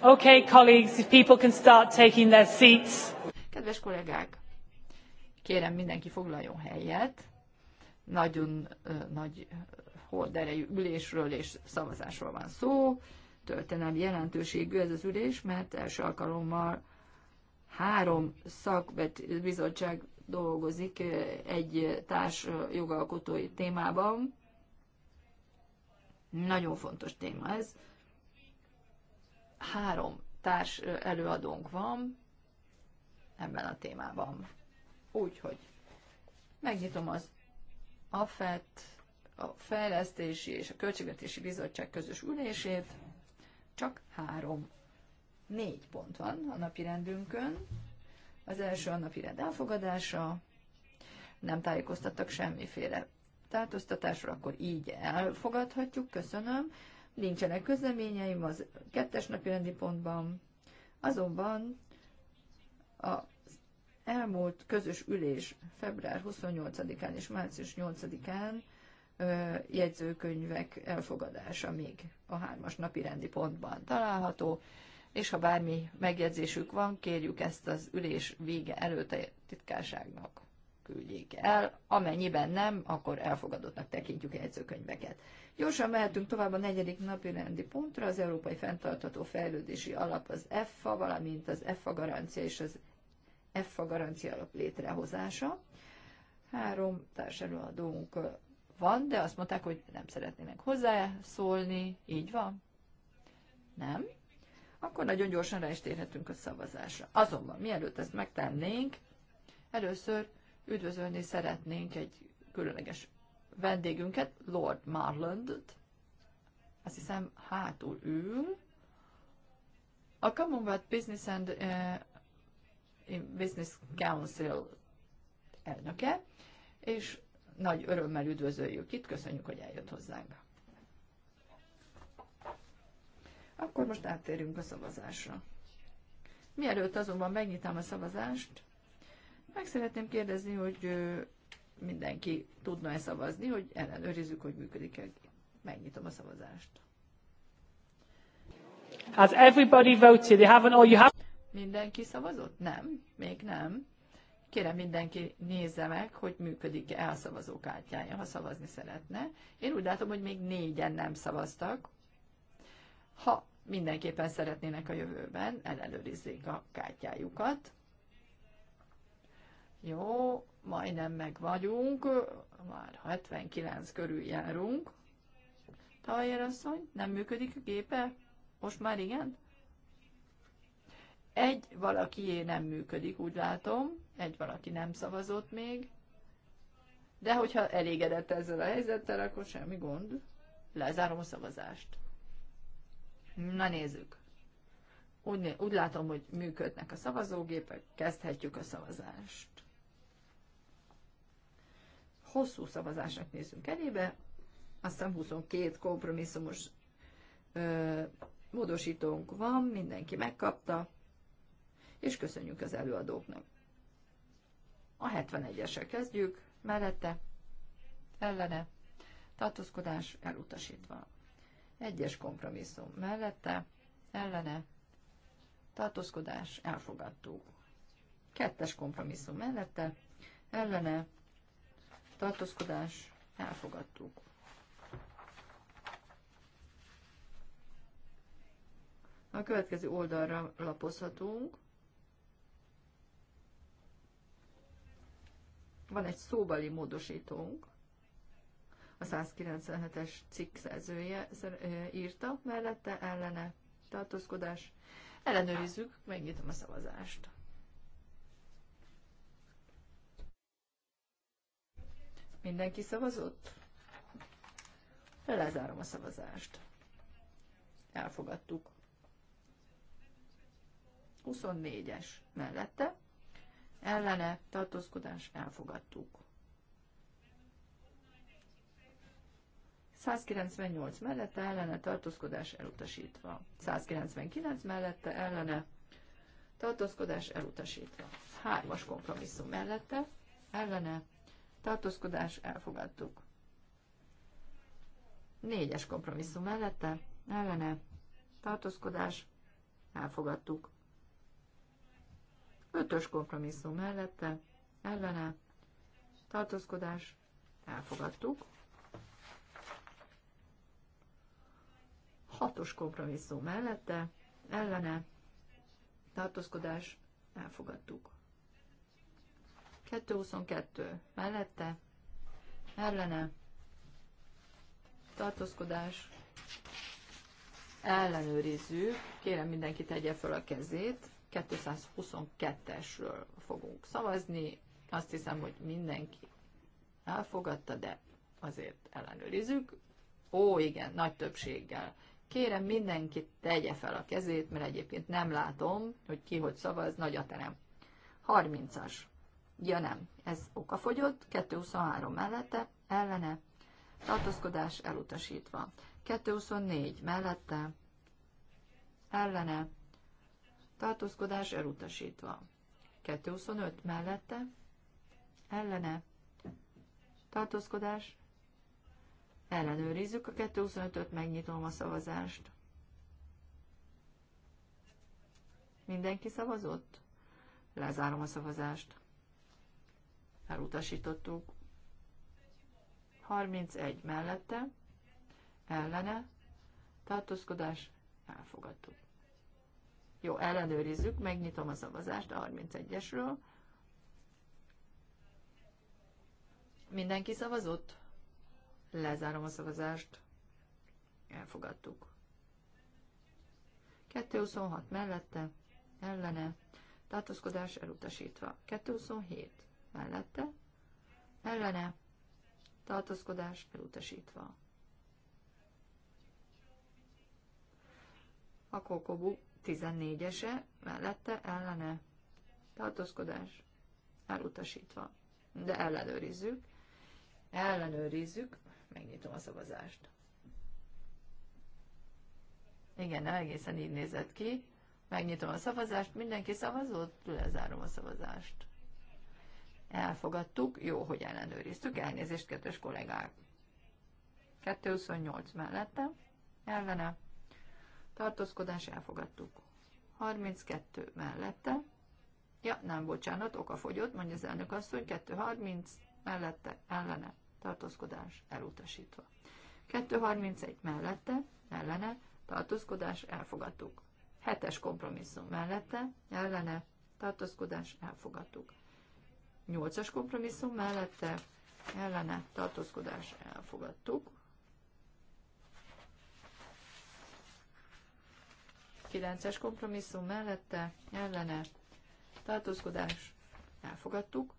Okay, colleagues, if people can start taking their seats. Kedves kollégák, kérem mindenki foglaljon helyet. Nagyon uh, nagy horderejű ülésről és szavazásról van szó. Történelmi jelentőségű ez az ülés, mert első alkalommal három szakbizottság dolgozik egy társ jogalkotói témában, nagyon fontos téma ez. Három társ előadónk van ebben a témában. Úgyhogy megnyitom az AFET, a Fejlesztési és a Költségvetési Bizottság közös ülését. Csak három, négy pont van a napi rendünkön. Az első a napi rend elfogadása, nem tájékoztattak semmiféle változtatásra, akkor így elfogadhatjuk, köszönöm. Nincsenek közleményeim az kettes napi rendi pontban, azonban az elmúlt közös ülés február 28-án és március 8-án jegyzőkönyvek elfogadása még a hármas napi rendi pontban található, és ha bármi megjegyzésük van, kérjük ezt az ülés vége előtt a titkárságnak küldjék el, amennyiben nem, akkor elfogadottnak tekintjük a jegyzőkönyveket. Gyorsan mehetünk tovább a negyedik napi rendi pontra, az Európai Fentartató Fejlődési Alap, az EFA, valamint az EFA garancia és az EFA garancia alap létrehozása. Három társadalmadónk van, de azt mondták, hogy nem szeretnének hozzászólni. Így van? Nem? Akkor nagyon gyorsan rá is térhetünk a szavazásra. Azonban, mielőtt ezt megtennénk, először Üdvözölni szeretnénk egy különleges vendégünket, Lord -t. Azt hiszem, hátul ül. A Commonwealth Business and uh, Business Council elnöke, és nagy örömmel üdvözöljük itt, köszönjük, hogy eljött hozzánk. Akkor most áttérünk a szavazásra. Mielőtt azonban megnyitám a szavazást, meg szeretném kérdezni, hogy mindenki tudna-e szavazni, hogy ellenőrizzük, hogy működik-e. Megnyitom a szavazást. Has everybody voted? They haven't or oh, you have... Mindenki szavazott? Nem, még nem. Kérem mindenki nézze meg, hogy működik-e a szavazókártyája, ha szavazni szeretne. Én úgy látom, hogy még négyen nem szavaztak. Ha mindenképpen szeretnének a jövőben, ellenőrizzék a kártyájukat. Jó, majdnem meg vagyunk, már 79 körül járunk. Tajer asszony, nem működik a gépe? Most már igen? Egy valakié nem működik, úgy látom. Egy valaki nem szavazott még. De hogyha elégedett ezzel a helyzettel, akkor semmi gond. Lezárom a szavazást. Na nézzük. Úgy, úgy látom, hogy működnek a szavazógépek, kezdhetjük a szavazást hosszú szavazásnak nézünk elébe, aztán 22 kompromisszumos ö, módosítónk van, mindenki megkapta, és köszönjük az előadóknak. A 71-esre kezdjük, mellette, ellene, tartózkodás elutasítva. Egyes kompromisszum mellette, ellene, tartózkodás elfogadtuk. Kettes kompromisszum mellette, ellene, tartózkodás, elfogadtuk. A következő oldalra lapozhatunk. Van egy szóbali módosítónk. A 197-es cikk szerzője írta mellette ellene tartózkodás. Ellenőrizzük, megnyitom a szavazást. Mindenki szavazott? Lezárom a szavazást. Elfogadtuk. 24-es mellette. Ellene tartózkodás elfogadtuk. 198 mellette ellene tartózkodás elutasítva. 199 mellette ellene tartózkodás elutasítva. Hármas kompromisszum mellette ellene tartózkodás, elfogadtuk. Négyes kompromisszum mellette, ellene, tartózkodás, elfogadtuk. Ötös kompromisszum mellette, ellene, tartózkodás, elfogadtuk. Hatos kompromisszum mellette, ellene, tartózkodás, elfogadtuk. 222 mellette, ellene, tartózkodás, ellenőrizzük. Kérem mindenki tegye fel a kezét. 222-esről fogunk szavazni. Azt hiszem, hogy mindenki elfogadta, de azért ellenőrizzük. Ó, igen, nagy többséggel. Kérem mindenkit tegye fel a kezét, mert egyébként nem látom, hogy ki hogy szavaz, nagy a terem. 30-as Ja nem, ez okafogyott, 223 mellette, ellene, tartózkodás elutasítva. 224 mellette, ellene, tartózkodás elutasítva. 225 mellette, ellene, tartózkodás, ellenőrizzük a 225-öt, megnyitom a szavazást. Mindenki szavazott? Lezárom a szavazást elutasítottuk. 31 mellette, ellene, tartózkodás, elfogadtuk. Jó, ellenőrizzük, megnyitom a szavazást a 31-esről. Mindenki szavazott? Lezárom a szavazást. Elfogadtuk. 226 mellette, ellene, tartózkodás elutasítva. 227 mellette, ellene, tartózkodás elutasítva. A kokobu 14-ese, mellette, ellene, tartózkodás elutasítva. De ellenőrizzük, ellenőrizzük, megnyitom a szavazást. Igen, egészen így nézett ki. Megnyitom a szavazást, mindenki szavazott, lezárom a szavazást. Elfogadtuk, jó, hogy ellenőriztük, elnézést, kedves kollégák. 228 mellette, elvene, tartózkodás, elfogadtuk. 32 mellette, ja, nem, bocsánat, oka fogyott, mondja az elnök hogy 230 mellette, ellene, tartózkodás, elutasítva. 231 mellette, ellene, tartózkodás, elfogadtuk. 7-es kompromisszum mellette, ellene, tartózkodás, elfogadtuk. 8-as kompromisszum mellette ellene tartózkodás elfogadtuk. 9-es kompromisszum mellette ellene tartózkodás elfogadtuk.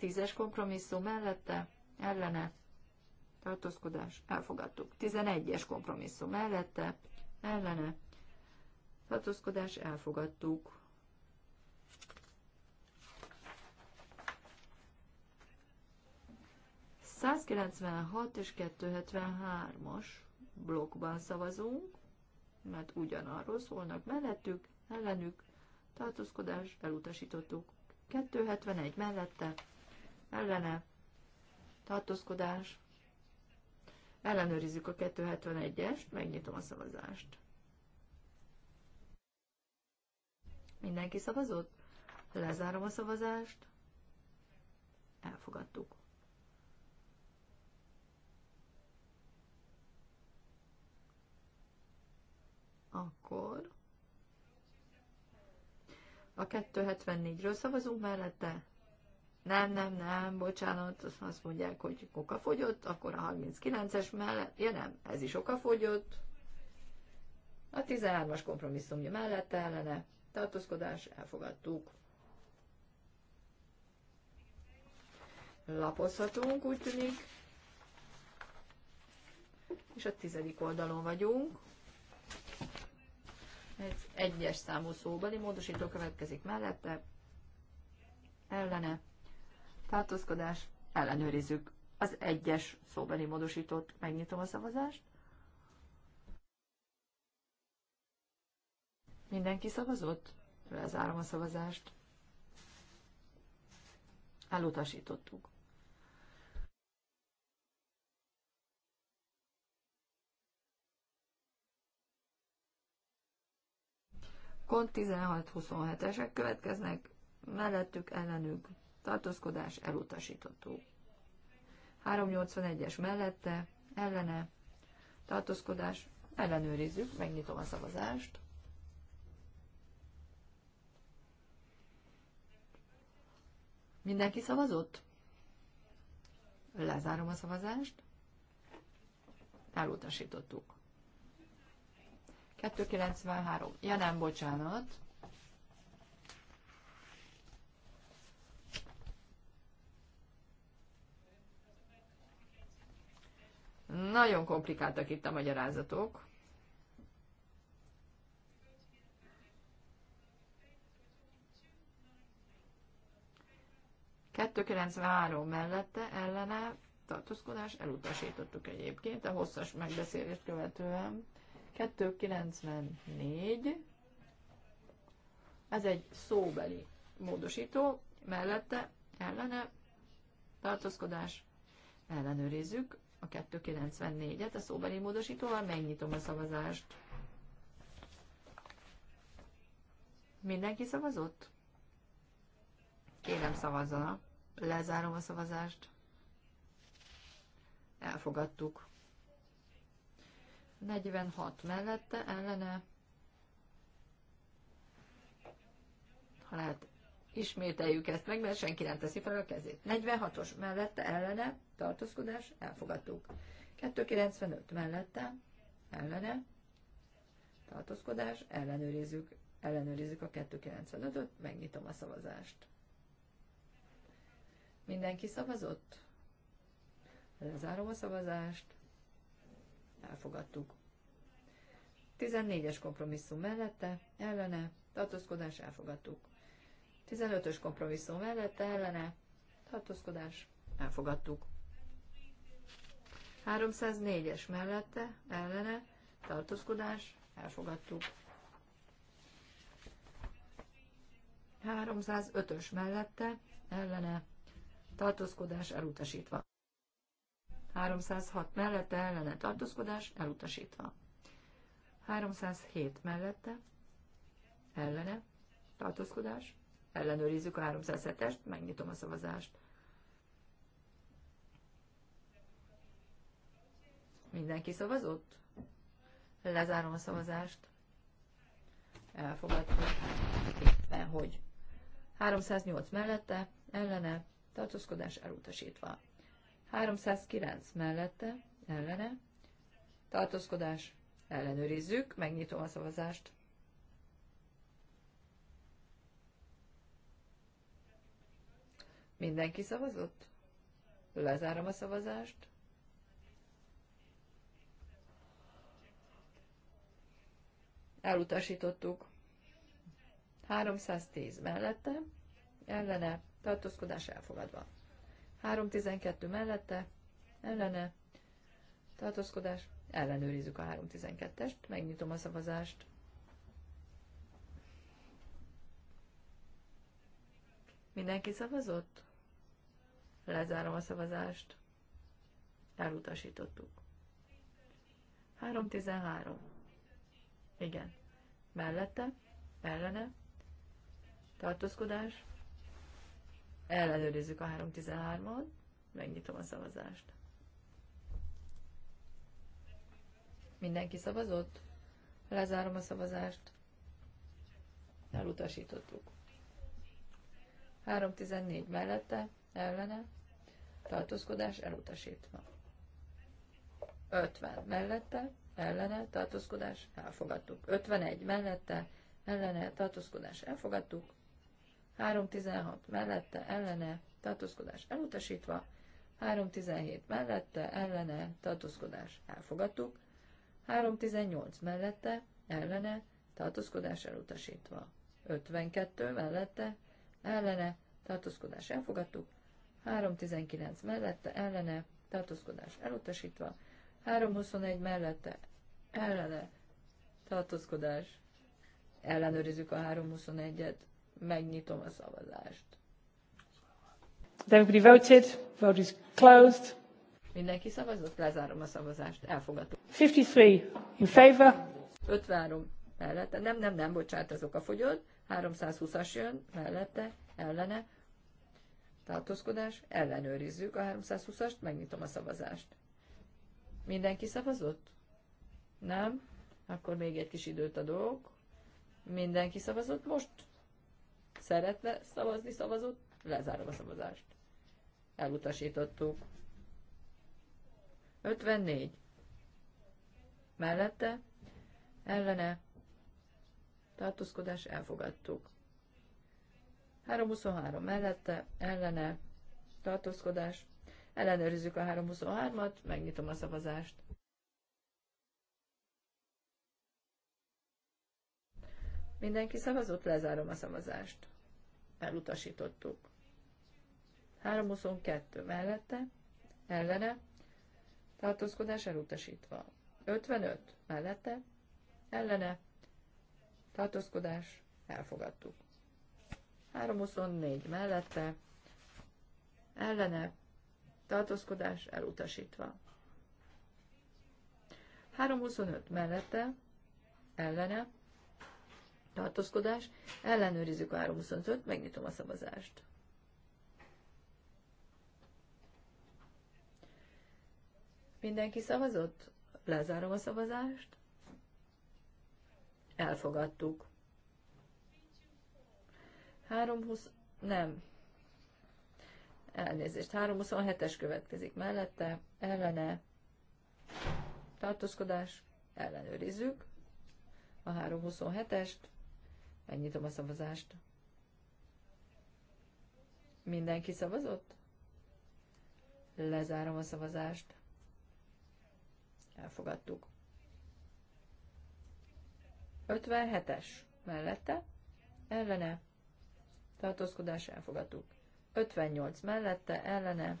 10-es kompromisszum mellette ellene tartózkodás elfogadtuk. 11-es kompromisszum mellette ellene tartózkodás elfogadtuk. 196 és 273-as blokkban szavazunk, mert ugyanarról szólnak mellettük, ellenük, tartózkodás, elutasítottuk. 271 mellette, ellene, tartózkodás, ellenőrizzük a 271-est, megnyitom a szavazást. Mindenki szavazott? Lezárom a szavazást. Elfogadtuk. Akkor a 274-ről szavazunk mellette? Nem, nem, nem, bocsánat, azt mondják, hogy okafogyott, akkor a 39-es mellett, ja nem, ez is okafogyott. A 13-as kompromisszumja mellette ellene, tartózkodás, elfogadtuk. Lapozhatunk, úgy tűnik. És a tizedik oldalon vagyunk egy egyes számú szóbeli módosító következik mellette. Ellene. Tartózkodás. Ellenőrizzük az egyes szóbeli módosítót. Megnyitom a szavazást. Mindenki szavazott? Lezárom a szavazást. Elutasítottuk. Kont 16-27-esek következnek, mellettük ellenük tartózkodás elutasítottuk. 381-es mellette, ellene, tartózkodás, ellenőrizzük, megnyitom a szavazást. Mindenki szavazott? Lezárom a szavazást. Elutasítottuk. 293. Ja nem, bocsánat. Nagyon komplikáltak itt a magyarázatok. Kettő mellette ellene tartózkodás elutasítottuk egyébként a hosszas megbeszélést követően. 294, ez egy szóbeli módosító, mellette ellene tartózkodás, ellenőrizzük a 294-et a szóbeli módosítóval, megnyitom a szavazást. Mindenki szavazott? Kérem szavazzanak. Lezárom a szavazást. Elfogadtuk. 46 mellette ellene, ha lehet, ismételjük ezt meg, mert senki nem teszi fel a kezét. 46-os mellette ellene, tartózkodás, elfogadtuk. 295 mellette ellene, tartózkodás, ellenőrizzük, ellenőrizzük a 295-öt, megnyitom a szavazást. Mindenki szavazott? Lezárom a szavazást elfogadtuk. 14-es kompromisszum mellette, ellene, tartózkodás, elfogadtuk. 15-ös kompromisszum mellette, ellene, tartózkodás, elfogadtuk. 304-es mellette, ellene, tartózkodás, elfogadtuk. 305-ös mellette, ellene, tartózkodás elutasítva. 306 mellette ellene tartózkodás elutasítva. 307 mellette ellene tartózkodás. Ellenőrizzük a 307-est, megnyitom a szavazást. Mindenki szavazott? Lezárom a szavazást. Elfogadtuk. Éppen hogy. 308 mellette, ellene, tartózkodás elutasítva. 309 mellette, ellene, tartózkodás, ellenőrizzük, megnyitom a szavazást. Mindenki szavazott? Lezárom a szavazást. Elutasítottuk. 310 mellette, ellene, tartózkodás elfogadva. 3.12 mellette, ellene, tartózkodás, ellenőrizzük a 3.12-est, megnyitom a szavazást. Mindenki szavazott? Lezárom a szavazást. Elutasítottuk. 3.13. Igen. Mellette, ellene, tartózkodás, Ellenőrizzük a 313 on megnyitom a szavazást. Mindenki szavazott? Lezárom a szavazást. Elutasítottuk. 314 mellette, ellene, tartózkodás elutasítva. 50 mellette, ellene, tartózkodás elfogadtuk. 51 mellette, ellene, tartózkodás elfogadtuk. 316 mellette ellene tartózkodás elutasítva, 317 mellette ellene tartózkodás elfogadtuk, 318 mellette ellene tartózkodás elutasítva, 52 mellette ellene tartózkodás elfogadtuk, 319 mellette ellene tartózkodás elutasítva, 321 mellette ellene tartózkodás ellenőrizzük a 321-et. Megnyitom a szavazást. Everybody voted. Vote is closed. Mindenki szavazott, lezárom a szavazást, elfogadom. 53 in favor. 53 mellette, nem, nem, nem, bocsánat, azok a fogyott. 320-as jön, mellette, ellene. Tartózkodás, ellenőrizzük a 320-ast, megnyitom a szavazást. Mindenki szavazott? Nem? Akkor még egy kis időt adok. Mindenki szavazott most? szeretne szavazni, szavazott, lezárom a szavazást. Elutasítottuk. 54. Mellette, ellene, tartózkodás, elfogadtuk. 323 mellette, ellene, tartózkodás, ellenőrizzük a 323-at, megnyitom a szavazást. Mindenki szavazott, lezárom a szavazást elutasítottuk. 322 mellette, ellene, tartózkodás elutasítva. 55 mellette, ellene, tartózkodás elfogadtuk. 324 mellette, ellene, tartózkodás elutasítva. 325 mellette, ellene, tartózkodás, ellenőrizzük a 325, megnyitom a szavazást. Mindenki szavazott? Lezárom a szavazást. Elfogadtuk. 320, nem. Elnézést, 327-es következik mellette, ellene, tartózkodás, ellenőrizzük a 327-est. Megnyitom a szavazást. Mindenki szavazott? Lezárom a szavazást. Elfogadtuk. 57-es mellette, ellene, tartózkodás elfogadtuk. 58 mellette, ellene,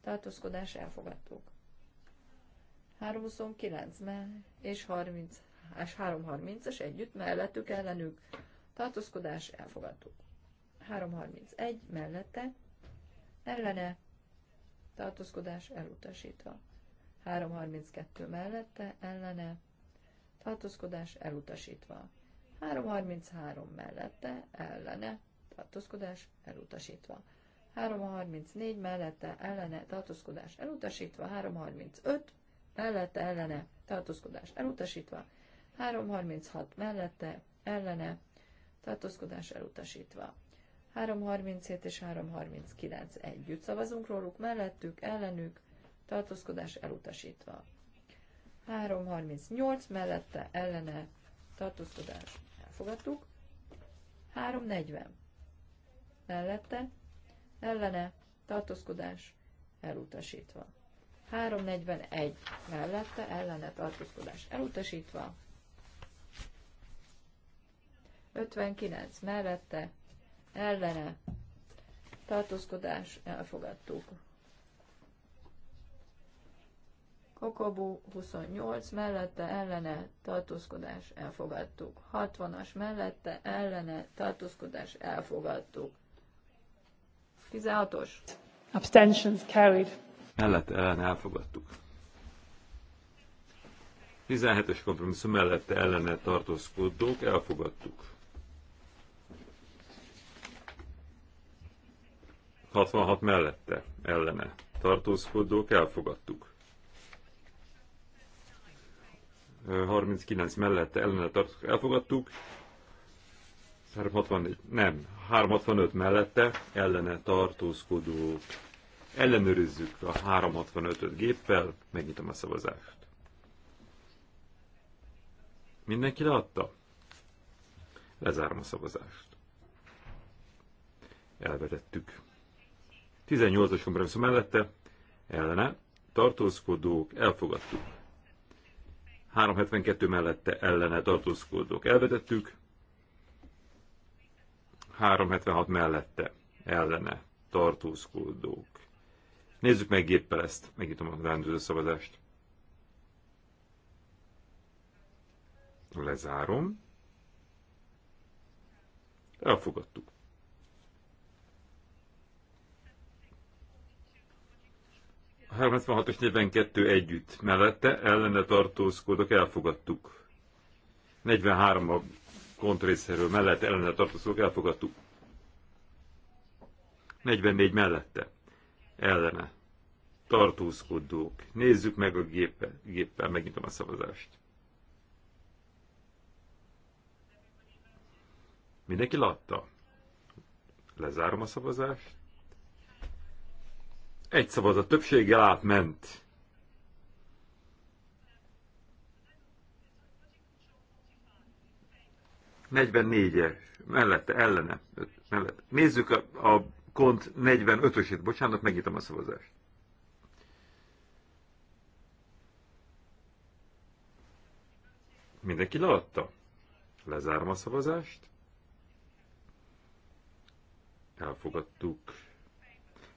tartózkodás elfogadtuk. 329 mell és 30 és 330-as együtt mellettük ellenük tartózkodás, elfogadtuk. 331 mellette, ellene, tartózkodás, elutasítva. 332 mellette, ellene, tartózkodás, elutasítva. 333 mellette, ellene, tartózkodás, elutasítva. 334 mellette, ellene, tartózkodás, elutasítva. 335 mellette, ellene, tartózkodás, elutasítva. 336 mellette, ellene, tartózkodás elutasítva. 337 és 339 együtt szavazunk róluk, mellettük, ellenük, tartózkodás elutasítva. 338 mellette, ellene, tartózkodás elfogadtuk. 340 mellette, ellene, tartózkodás elutasítva. 341 mellette, ellene, tartózkodás elutasítva. 59 mellette, ellene, tartózkodás, elfogadtuk. Kokobu 28 mellette, ellene, tartózkodás, elfogadtuk. 60-as mellette, ellene, tartózkodás, elfogadtuk. 16-os. Abstentions carried. Mellette, ellene, elfogadtuk. 17-es kompromisszum mellette ellene tartózkodók elfogadtuk. 66 mellette, ellene tartózkodók elfogadtuk. 39 mellette ellene tartózkodók elfogadtuk. 364, nem, 365 mellette ellene tartózkodók. Ellenőrizzük a 365-öt géppel, megnyitom a szavazást. Mindenki leadta? Lezárom a szavazást. Elvetettük. 18-as kompromisszum mellette ellene tartózkodók elfogadtuk. 372 mellette ellene tartózkodók elvetettük. 376 mellette ellene tartózkodók. Nézzük meg géppel ezt. Megnyitom a rendőző szavazást. Lezárom. Elfogadtuk. 36 és 42 együtt mellette ellene tartózkodok, elfogadtuk. 43 a kontrészerről mellette ellene tartózkodok, elfogadtuk. 44 mellette ellene tartózkodók. Nézzük meg a gépe, géppel megnyitom a szavazást. Mindenki látta? Lezárom a szavazást. Egy szavazat többséggel átment. Negyvennégyes, mellette, ellene. Mellette. Nézzük a, a kont 45-ösét, bocsánat, megnyitom a szavazást. Mindenki leadta. Lezárom a szavazást. Elfogadtuk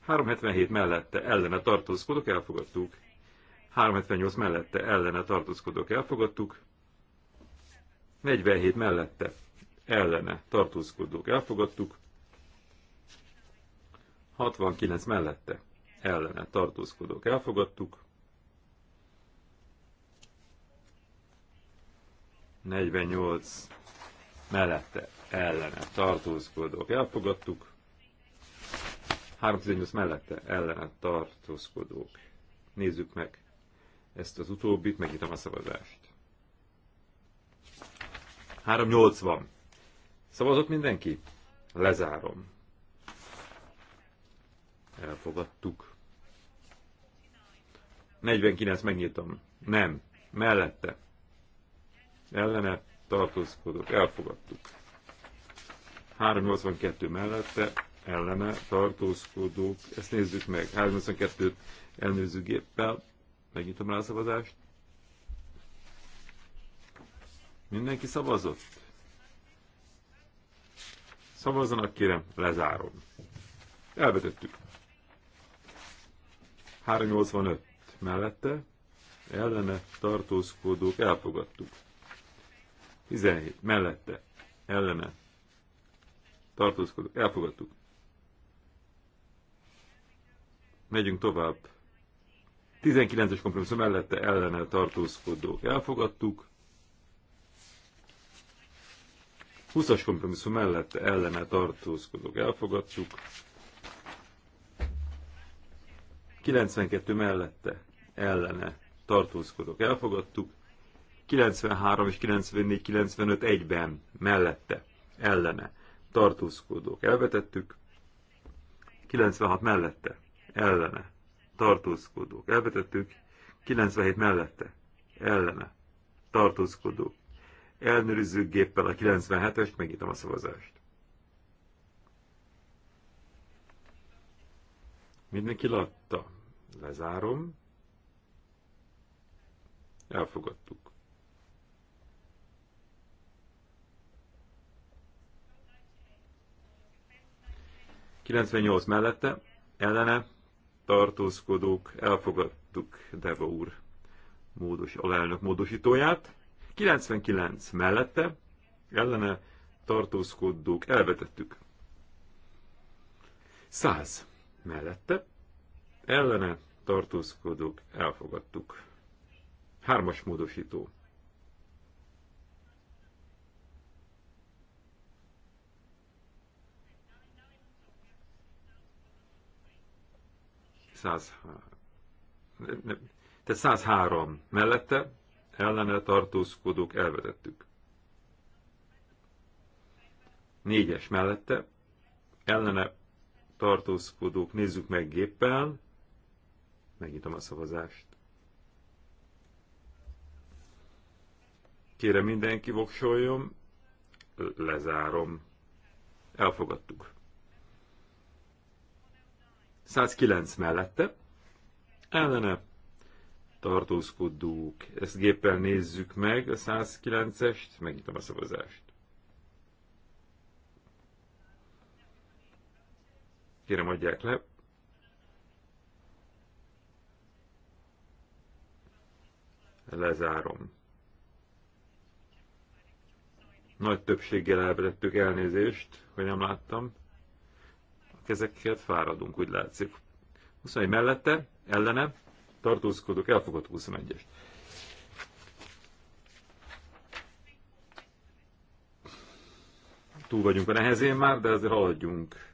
377 mellette ellene tartózkodok, elfogadtuk. 378 mellette ellene tartózkodok, elfogadtuk. 47 mellette ellene tartózkodók elfogadtuk, 69 mellette ellene tartózkodók elfogadtuk, 48 mellette ellene tartózkodók elfogadtuk, 318 mellette ellene tartózkodók. Nézzük meg ezt az utóbbit, megnyitom a szavazást. 380. Szavazott mindenki? Lezárom. Elfogadtuk. 49, megnyitom. Nem. Mellette. Ellene tartózkodok. Elfogadtuk. 382 mellette ellene tartózkodók, ezt nézzük meg, 382-t elnőző géppel, megnyitom rá a szavazást. Mindenki szavazott? Szavazzanak kérem, lezárom. Elvetettük. 385 mellette, ellene tartózkodók elfogadtuk. 17 mellette, ellene tartózkodók elfogadtuk. Megyünk tovább. 19-es kompromisszum mellette ellene tartózkodók elfogadtuk. 20-as kompromisszum mellette ellene tartózkodók elfogadtuk. 92 mellette ellene tartózkodók elfogadtuk. 93 és 94, 95 egyben mellette ellene tartózkodók elvetettük. 96 mellette ellene, tartózkodók, elvetettük, 97 mellette, ellene, tartózkodók, elnőrizzük géppel a 97-est, megnyitom a szavazást. Mindenki látta. Lezárom. Elfogadtuk. Kilencvennyolc mellette, ellene, tartózkodók, elfogadtuk Deva úr módos, alelnök módosítóját. 99 mellette, ellene tartózkodók, elvetettük. 100 mellette, ellene tartózkodók, elfogadtuk. Hármas módosító 100, tehát 103 mellette ellene tartózkodók elvetettük. 4-es mellette ellene tartózkodók nézzük meg géppel. Megnyitom a szavazást. Kérem mindenki voksoljon. Lezárom. Elfogadtuk. 109 mellette, ellene tartózkodók. Ezt géppel nézzük meg, a 109-est, megnyitom a szavazást. Kérem, adják le. Lezárom. Nagy többséggel elvetettük elnézést, hogy nem láttam kezekkel fáradunk, úgy látszik. 21 mellette, ellene, tartózkodok, elfogadtuk 21-est. Túl vagyunk a nehezén már, de azért haladjunk.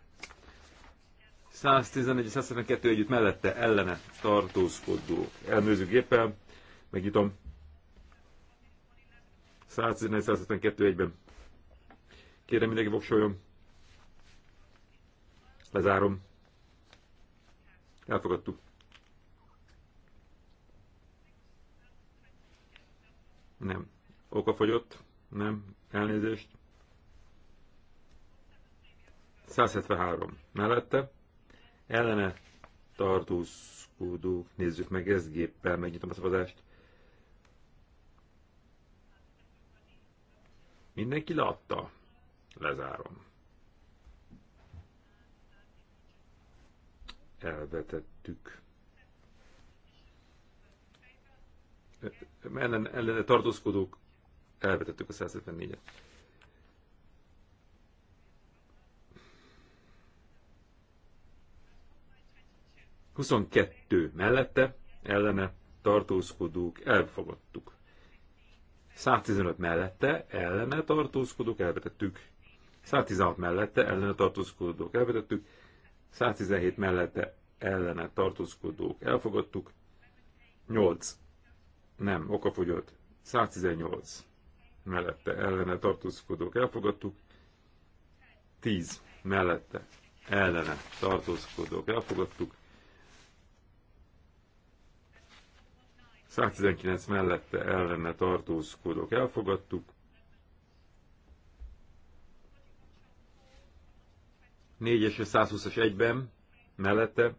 111 és 172 együtt mellette, ellene, tartózkodók. Elnőzzük géppel, megnyitom. 111-172 egyben. Kérem mindenki voksoljon. Lezárom. Elfogadtuk. Nem. Oka fogyott? Nem. Elnézést. 173. Mellette. Ellene tartózkodó. Nézzük meg ezt géppel. Megnyitom a szavazást. Mindenki látta. Lezárom. elvetettük. Ellen, ellene tartózkodók elvetettük a 174 et Huszonkettő mellette, ellene tartózkodók elfogadtuk. 115 mellette, ellene tartózkodók elvetettük. 116 mellette, ellene tartózkodók elvetettük. 117 mellette ellene tartózkodók elfogadtuk, 8 nem, okafogyott, 118 mellette ellene tartózkodók elfogadtuk, 10 mellette ellene tartózkodók elfogadtuk, 119 mellette ellene tartózkodók elfogadtuk, 4-es és 120-as egyben, mellette,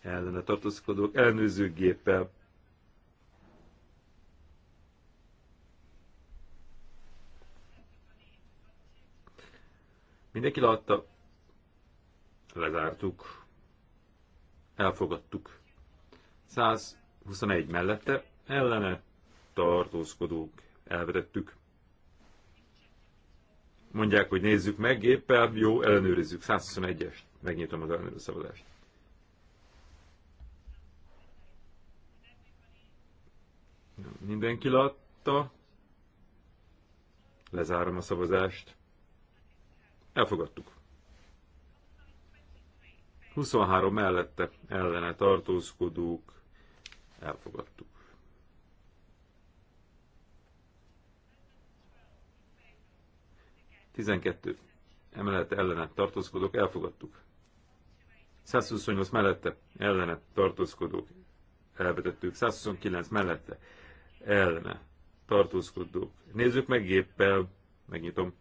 ellene tartózkodók, elnőző géppel. Mindenki látta, lezártuk, elfogadtuk. 121 mellette, ellene tartózkodók, elvetettük. Mondják, hogy nézzük meg géppel, jó, ellenőrizzük. 121-es. Megnyitom az ellenőrző szavazást. Mindenki látta. Lezárom a szavazást. Elfogadtuk. 23 mellette ellene tartózkodók. Elfogadtuk. 12 emellett ellene tartózkodók elfogadtuk. 128 mellette ellene tartózkodók elvetettük. 129 mellette ellene tartózkodók. Nézzük meg géppel, megnyitom.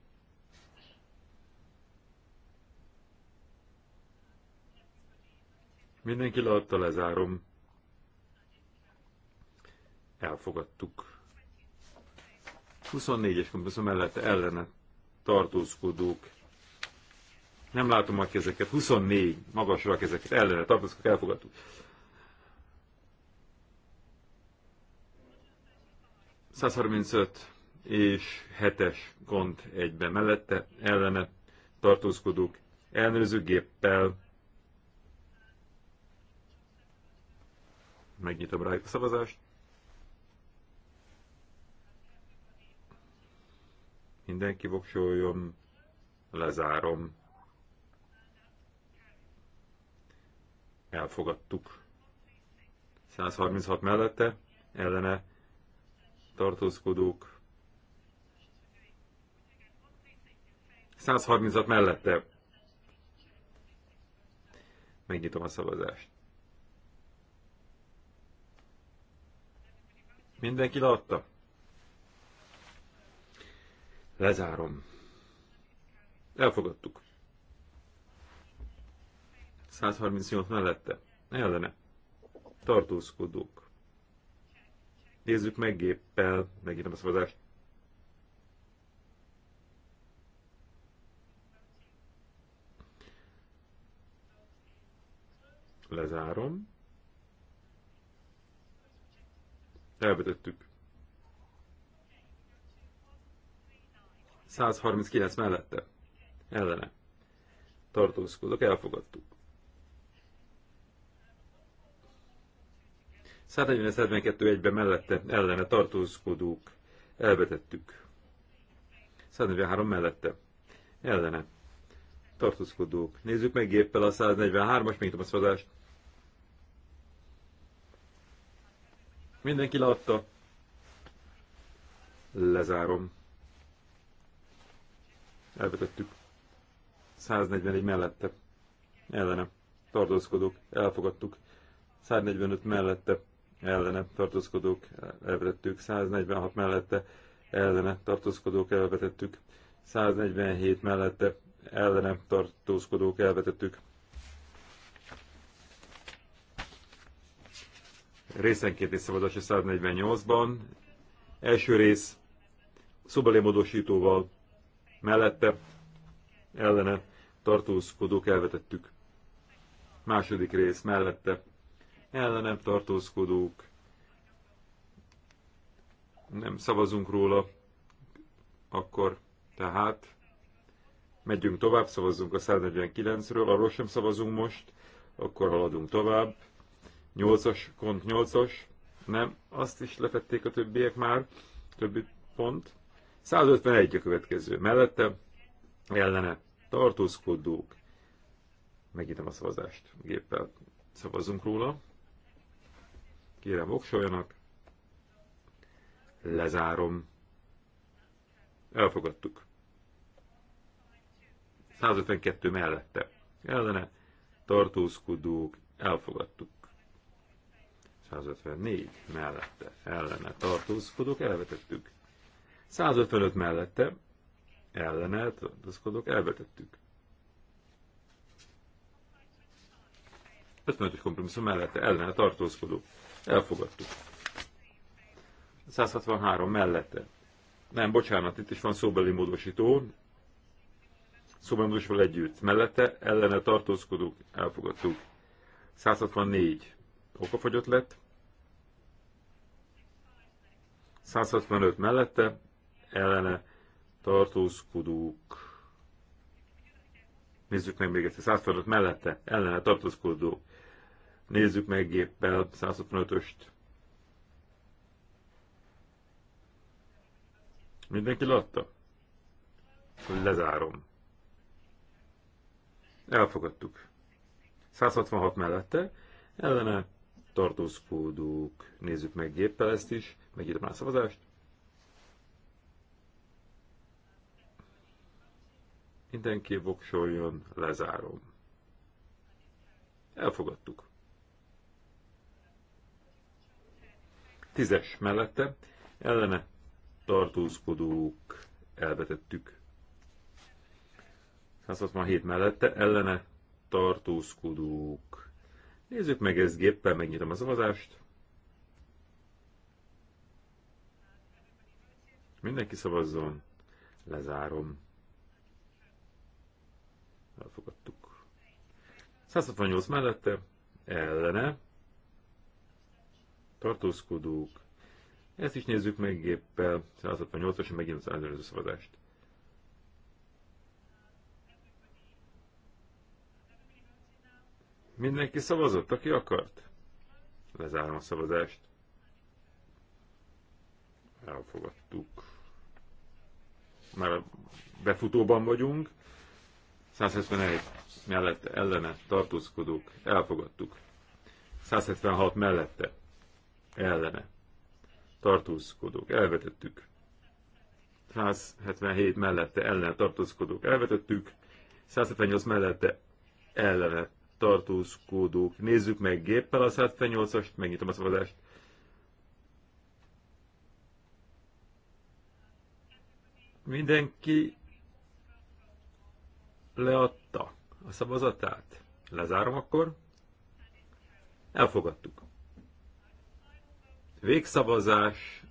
Mindenki leadta, lezárom. Elfogadtuk. 24-es kompromisszum mellette ellene tartózkodók. Nem látom a kezeket. 24 magasra a kezeket. Ellenre tartózkodók elfogadtuk. 135 és 7-es gond egyben mellette, ellene tartózkodók, ellenőrző géppel megnyitom rá a szavazást. Mindenki voksoljon, lezárom. Elfogadtuk. 136 mellette, ellene tartózkodók. 136 mellette. Megnyitom a szavazást. Mindenki látta? Lezárom. Elfogadtuk. 138 mellette. Ellene. Tartózkodók. Nézzük meg géppel. Megint a szavazást. Lezárom. Elvetettük. 139 mellette. Ellene. Tartózkodok, elfogadtuk. 142 72 egyben mellette ellene tartózkodók elvetettük. 143 mellette ellene tartózkodók. Nézzük meg géppel a 143-as, még a szavazást. Mindenki látta. Lezárom elvetettük. 141 mellette, ellene, tartózkodók, elfogadtuk. 145 mellette, ellene, tartózkodók, elvetettük. 146 mellette, ellene, tartózkodók, elvetettük. 147 mellette, ellene, tartózkodók, elvetettük. részenkénti szavazás a 148-ban. Első rész szobalémodosítóval mellette ellene tartózkodók elvetettük. Második rész mellette ellene tartózkodók. Nem szavazunk róla, akkor tehát megyünk tovább, szavazzunk a 149-ről, arról sem szavazunk most, akkor haladunk tovább. 8-as, kont 8-as, nem, azt is lefették a többiek már, többi pont. 151 a következő. Mellette ellene tartózkodók. megítem a szavazást. Géppel szavazunk róla. Kérem, voksoljanak. Lezárom. Elfogadtuk. 152 mellette. Ellene tartózkodók. Elfogadtuk. 154 mellette. Ellene tartózkodók. Elvetettük. 155 mellette ellene tartózkodók elvetettük. 55-ös kompromisszum mellette ellene tartózkodók elfogadtuk. 163 mellette. Nem, bocsánat, itt is van szóbeli módosító. Szóbeli módosítóval együtt. Mellette ellene tartózkodók elfogadtuk. 164 okafogyott lett. 165 mellette ellene tartózkodók. Nézzük meg még egyszer a 165 mellette, ellene tartózkodók. Nézzük meg géppel 165-öst. Mindenki látta? Lezárom. Elfogadtuk. 166 mellette, ellene tartózkodók. Nézzük meg géppel ezt is, Megírom a szavazást. Mindenki voksoljon, lezárom. Elfogadtuk. Tízes mellette ellene tartózkodók elvetettük. 167 mellette ellene tartózkodók. Nézzük meg ezt géppel, megnyitom a szavazást. Mindenki szavazzon. Lezárom elfogadtuk. 168 mellette, ellene, tartózkodók, ezt is nézzük meg géppel, 168-as, megint az előző szavazást. Mindenki szavazott, aki akart? Lezárom a szavazást. Elfogadtuk. Már a befutóban vagyunk. 171 mellette ellene tartózkodók elfogadtuk. 176 mellette ellene tartózkodók elvetettük. 177 mellette ellene tartózkodók elvetettük. 178 mellette ellene tartózkodók. Nézzük meg géppel a 178-ast, megnyitom a szavazást. Mindenki leadta a szavazatát. Lezárom akkor. Elfogadtuk. Végszavazás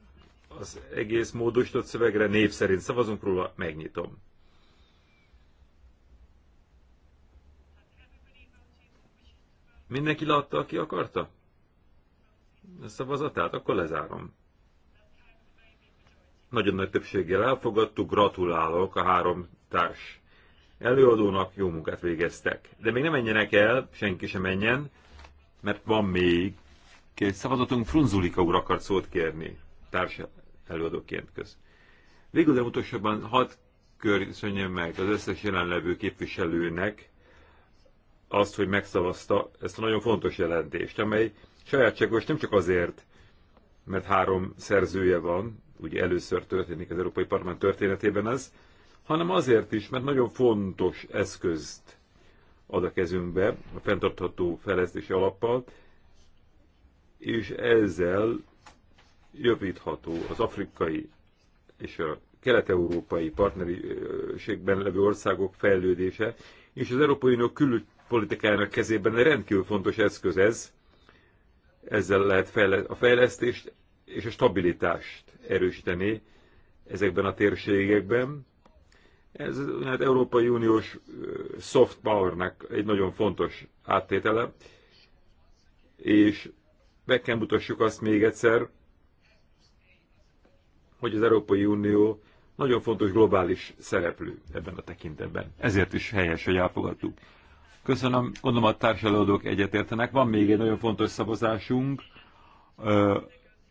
az egész módosított szövegre név szerint szavazunk róla, megnyitom. Mindenki látta, aki akarta? A szavazatát? Akkor lezárom. Nagyon nagy többséggel elfogadtuk, gratulálok a három társ előadónak jó munkát végeztek. De még nem menjenek el, senki sem menjen, mert van még két szavazatunk, Frunzulika úr akart szót kérni, társ előadóként köz. Végül, de utolsóban hat köszönjem meg az összes jelenlevő képviselőnek azt, hogy megszavazta ezt a nagyon fontos jelentést, amely sajátságos nem csak azért, mert három szerzője van, ugye először történik az Európai Parlament történetében ez, hanem azért is, mert nagyon fontos eszközt ad a kezünkbe a fenntartható fejlesztési alappal, és ezzel javítható az afrikai és a kelet-európai partnerségben levő országok fejlődése, és az Európai Unió külpolitikájának kezében rendkívül fontos eszköz ez, ezzel lehet a fejlesztést és a stabilitást erősíteni ezekben a térségekben, ez az hát Európai Uniós soft powernek egy nagyon fontos áttétele, és meg kell mutassuk azt még egyszer, hogy az Európai Unió nagyon fontos globális szereplő ebben a tekintetben. Ezért is helyes, hogy elfogadtuk. Köszönöm, gondolom a társadalmadók egyetértenek. Van még egy nagyon fontos szavazásunk ö,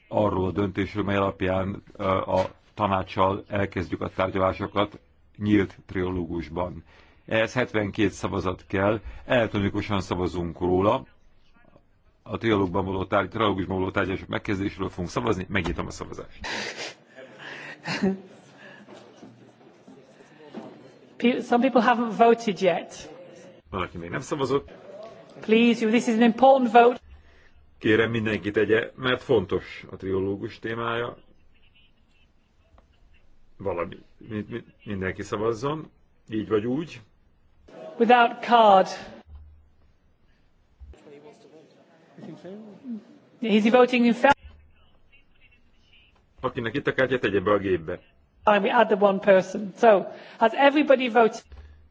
arról a döntésről, mely alapján ö, a tanácssal elkezdjük a tárgyalásokat nyílt triológusban. Ehhez 72 szavazat kell, elektronikusan szavazunk róla. A triológusban való, tárgy, való tárgyalások megkezdésről fogunk szavazni, megnyitom a szavazást. Some people haven't voted yet. Valaki még nem szavazott. Please, this is an important vote. Kérem mindenkit tegye, mert fontos a triológus témája valami, mindenki szavazzon, így vagy úgy. Without card. He's voting in favor? Akinek itt a kártyát, tegye be a gépbe. I we add the one person. So, has everybody voted?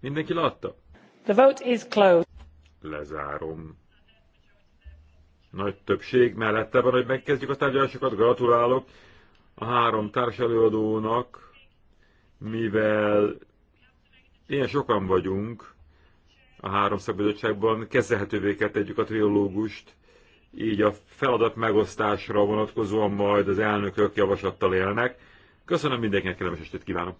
Mindenki látta? The vote is closed. Lezárom. Nagy többség mellette van, hogy megkezdjük a tárgyalásokat. Gratulálok a három társelőadónak mivel ilyen sokan vagyunk a három szakbizottságban, kezelhetővé kell tegyük a triológust, így a feladat megosztásra vonatkozóan majd az elnökök javaslattal élnek. Köszönöm mindenkinek, kellemes estét kívánok!